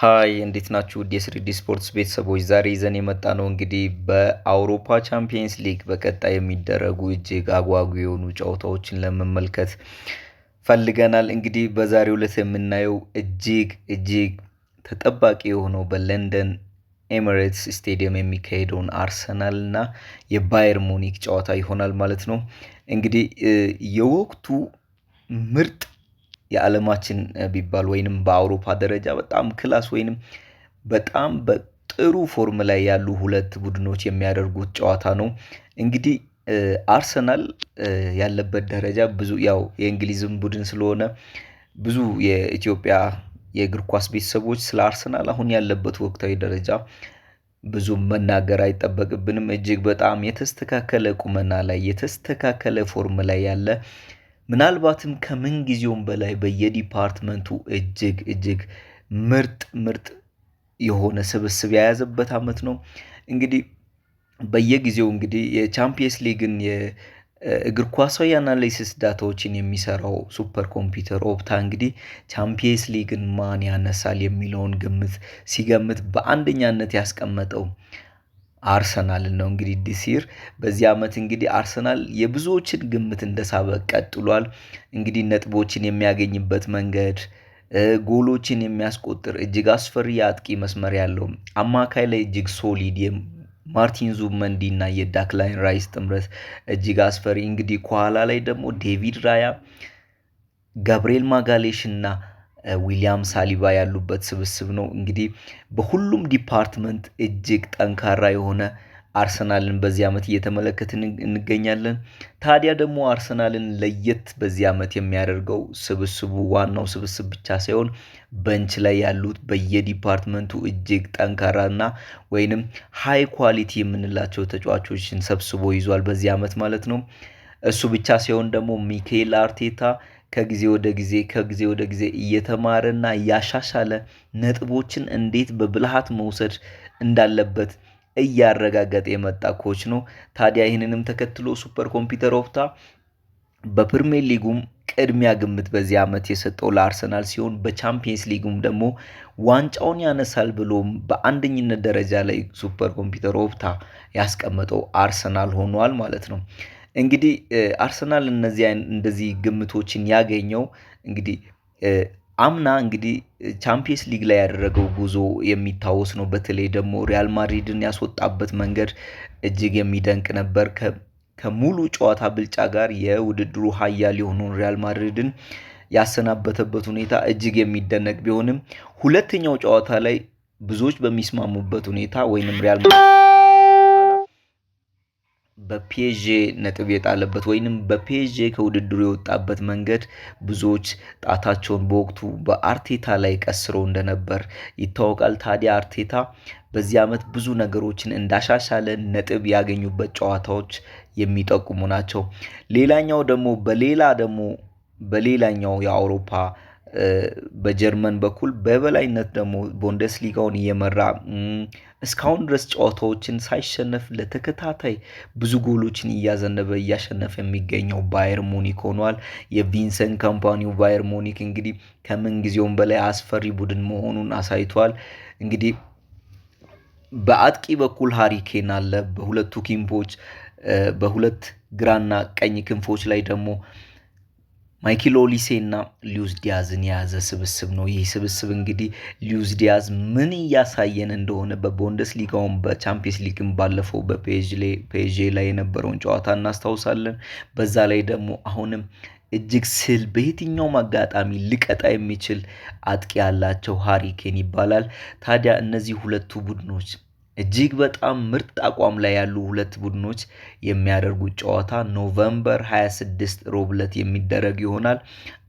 ሀይ እንዴት ናችሁ? ውድ የስሪዲ ስፖርትስ ቤተሰቦች ዛሬ ይዘን የመጣ ነው እንግዲህ በአውሮፓ ቻምፒየንስ ሊግ በቀጣይ የሚደረጉ እጅግ አጓጉ የሆኑ ጨዋታዎችን ለመመልከት ፈልገናል። እንግዲህ በዛሬው ዕለት የምናየው እጅግ እጅግ ተጠባቂ የሆነው በለንደን ኤሚሬትስ ስቴዲየም የሚካሄደውን አርሰናል እና የባየር ሙኒክ ጨዋታ ይሆናል ማለት ነው። እንግዲህ የወቅቱ ምርጥ የዓለማችን ቢባል ወይንም በአውሮፓ ደረጃ በጣም ክላስ ወይንም በጣም በጥሩ ፎርም ላይ ያሉ ሁለት ቡድኖች የሚያደርጉት ጨዋታ ነው። እንግዲህ አርሰናል ያለበት ደረጃ ብዙ ያው የእንግሊዝም ቡድን ስለሆነ ብዙ የኢትዮጵያ የእግር ኳስ ቤተሰቦች ስለ አርሰናል አሁን ያለበት ወቅታዊ ደረጃ ብዙ መናገር አይጠበቅብንም። እጅግ በጣም የተስተካከለ ቁመና ላይ የተስተካከለ ፎርም ላይ ያለ ምናልባትም ከምንጊዜውም በላይ በየዲፓርትመንቱ እጅግ እጅግ ምርጥ ምርጥ የሆነ ስብስብ የያዘበት ዓመት ነው። እንግዲህ በየጊዜው እንግዲህ የቻምፒየንስ ሊግን የእግር ኳሳዊ አናሊሲስ ዳታዎችን የሚሰራው ሱፐር ኮምፒውተር ኦፕታ እንግዲህ ቻምፒየንስ ሊግን ማን ያነሳል የሚለውን ግምት ሲገምት በአንደኛነት ያስቀመጠው አርሰናልን ነው። እንግዲህ ዲሲር በዚህ ዓመት እንግዲህ አርሰናል የብዙዎችን ግምት እንደሳበ ቀጥሏል። እንግዲህ ነጥቦችን የሚያገኝበት መንገድ ጎሎችን የሚያስቆጥር እጅግ አስፈሪ የአጥቂ መስመር ያለው አማካይ ላይ እጅግ ሶሊድ ማርቲን ዙብመንዲ እና የዳክላይን ራይስ ጥምረት እጅግ አስፈሪ እንግዲህ ከኋላ ላይ ደግሞ ዴቪድ ራያ፣ ገብርኤል ማጋሌሽ እና ዊሊያም ሳሊባ ያሉበት ስብስብ ነው። እንግዲህ በሁሉም ዲፓርትመንት እጅግ ጠንካራ የሆነ አርሰናልን በዚህ ዓመት እየተመለከትን እንገኛለን። ታዲያ ደግሞ አርሰናልን ለየት በዚህ ዓመት የሚያደርገው ስብስቡ ዋናው ስብስብ ብቻ ሳይሆን በንች ላይ ያሉት በየዲፓርትመንቱ እጅግ ጠንካራና ወይንም ሃይ ኳሊቲ የምንላቸው ተጫዋቾችን ሰብስቦ ይዟል በዚህ ዓመት ማለት ነው። እሱ ብቻ ሲሆን ደግሞ ሚካኤል አርቴታ ከጊዜ ወደ ጊዜ ከጊዜ ወደ ጊዜ እየተማረና እያሻሻለ ነጥቦችን እንዴት በብልሃት መውሰድ እንዳለበት እያረጋገጠ የመጣ ኮች ነው። ታዲያ ይህንንም ተከትሎ ሱፐር ኮምፒውተር ኦፕታ በፕሪሚየር ሊጉም ቅድሚያ ግምት በዚህ ዓመት የሰጠው ለአርሰናል ሲሆን በቻምፒየንስ ሊጉም ደግሞ ዋንጫውን ያነሳል ብሎም በአንደኝነት ደረጃ ላይ ሱፐር ኮምፒውተር ኦፕታ ያስቀመጠው አርሰናል ሆኗል ማለት ነው። እንግዲህ አርሰናል እነዚህ እንደዚህ ግምቶችን ያገኘው እንግዲህ አምና እንግዲህ ቻምፒየንስ ሊግ ላይ ያደረገው ጉዞ የሚታወስ ነው። በተለይ ደግሞ ሪያል ማድሪድን ያስወጣበት መንገድ እጅግ የሚደንቅ ነበር። ከሙሉ ጨዋታ ብልጫ ጋር የውድድሩ ኃያል የሆነውን ሪያል ማድሪድን ያሰናበተበት ሁኔታ እጅግ የሚደነቅ ቢሆንም ሁለተኛው ጨዋታ ላይ ብዙዎች በሚስማሙበት ሁኔታ ወይንም ሪያል በፒኤጄ ነጥብ የጣለበት ወይንም በፒኤጄ ከውድድሩ የወጣበት መንገድ ብዙዎች ጣታቸውን በወቅቱ በአርቴታ ላይ ቀስሮ እንደነበር ይታወቃል። ታዲያ አርቴታ በዚህ ዓመት ብዙ ነገሮችን እንዳሻሻለ ነጥብ ያገኙበት ጨዋታዎች የሚጠቁሙ ናቸው። ሌላኛው ደግሞ በሌላ ደግሞ በሌላኛው የአውሮፓ በጀርመን በኩል በበላይነት ደግሞ ቡንደስሊጋውን እየመራ እስካሁን ድረስ ጨዋታዎችን ሳይሸነፍ ለተከታታይ ብዙ ጎሎችን እያዘነበ እያሸነፈ የሚገኘው ባየር ሙኒክ ሆኗል። የቪንሰንት ካምፓኒው ባየር ሙኒክ እንግዲህ ከምን ጊዜውም በላይ አስፈሪ ቡድን መሆኑን አሳይቷል። እንግዲህ በአጥቂ በኩል ሀሪኬን አለ። በሁለቱ ኪምፖች በሁለት ግራና ቀኝ ክንፎች ላይ ደግሞ ማይክል ኦሊሴ እና ሊዩስ ዲያዝን የያዘ ስብስብ ነው። ይህ ስብስብ እንግዲህ ሊዩስ ዲያዝ ምን እያሳየን እንደሆነ በቦንደስ ሊጋውን በቻምፒየንስ ሊግን ባለፈው በፔዥ ላይ የነበረውን ጨዋታ እናስታውሳለን። በዛ ላይ ደግሞ አሁንም እጅግ ስል በየትኛውም አጋጣሚ ሊቀጣ የሚችል አጥቂ ያላቸው ሃሪኬን ይባላል። ታዲያ እነዚህ ሁለቱ ቡድኖች እጅግ በጣም ምርጥ አቋም ላይ ያሉ ሁለት ቡድኖች የሚያደርጉት ጨዋታ ኖቨምበር 26 ሮብ ዕለት የሚደረግ ይሆናል።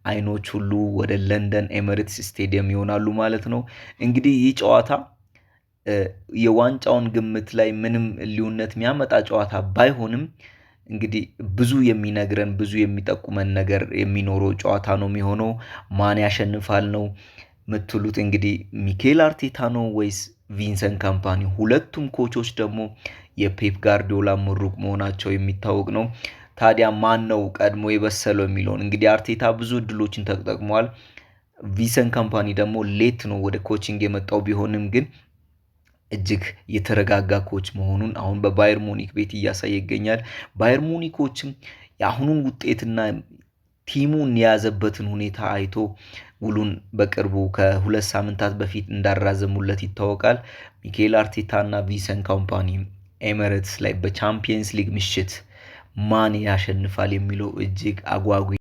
አይኖች ሁሉ ወደ ለንደን ኤሜሬትስ ስቴዲየም ይሆናሉ ማለት ነው። እንግዲህ ይህ ጨዋታ የዋንጫውን ግምት ላይ ምንም ልዩነት የሚያመጣ ጨዋታ ባይሆንም እንግዲህ ብዙ የሚነግረን ብዙ የሚጠቁመን ነገር የሚኖረው ጨዋታ ነው የሚሆነው። ማን ያሸንፋል ነው የምትሉት እንግዲህ ሚኬል አርቴታ ነው ወይስ ቪንሰንት ካምፓኒ? ሁለቱም ኮቾች ደግሞ የፔፕ ጋርዲዮላ ምሩቅ መሆናቸው የሚታወቅ ነው። ታዲያ ማን ነው ቀድሞ የበሰለው የሚለውን እንግዲህ አርቴታ ብዙ እድሎችን ተጠቅሟል። ቪንሰንት ካምፓኒ ደግሞ ሌት ነው ወደ ኮችንግ የመጣው ቢሆንም ግን እጅግ የተረጋጋ ኮች መሆኑን አሁን በባየር ሙኒክ ቤት እያሳየ ይገኛል። ባየር ሙኒኮችም የአሁኑን ውጤትና ቲሙን የያዘበትን ሁኔታ አይቶ ውሉን በቅርቡ ከሁለት ሳምንታት በፊት እንዳራዘሙለት ይታወቃል። ሚኬል አርቴታና ቪሰን ኮምፓኒ ኤሜረትስ ላይ በቻምፒየንስ ሊግ ምሽት ማን ያሸንፋል የሚለው እጅግ አጓጉ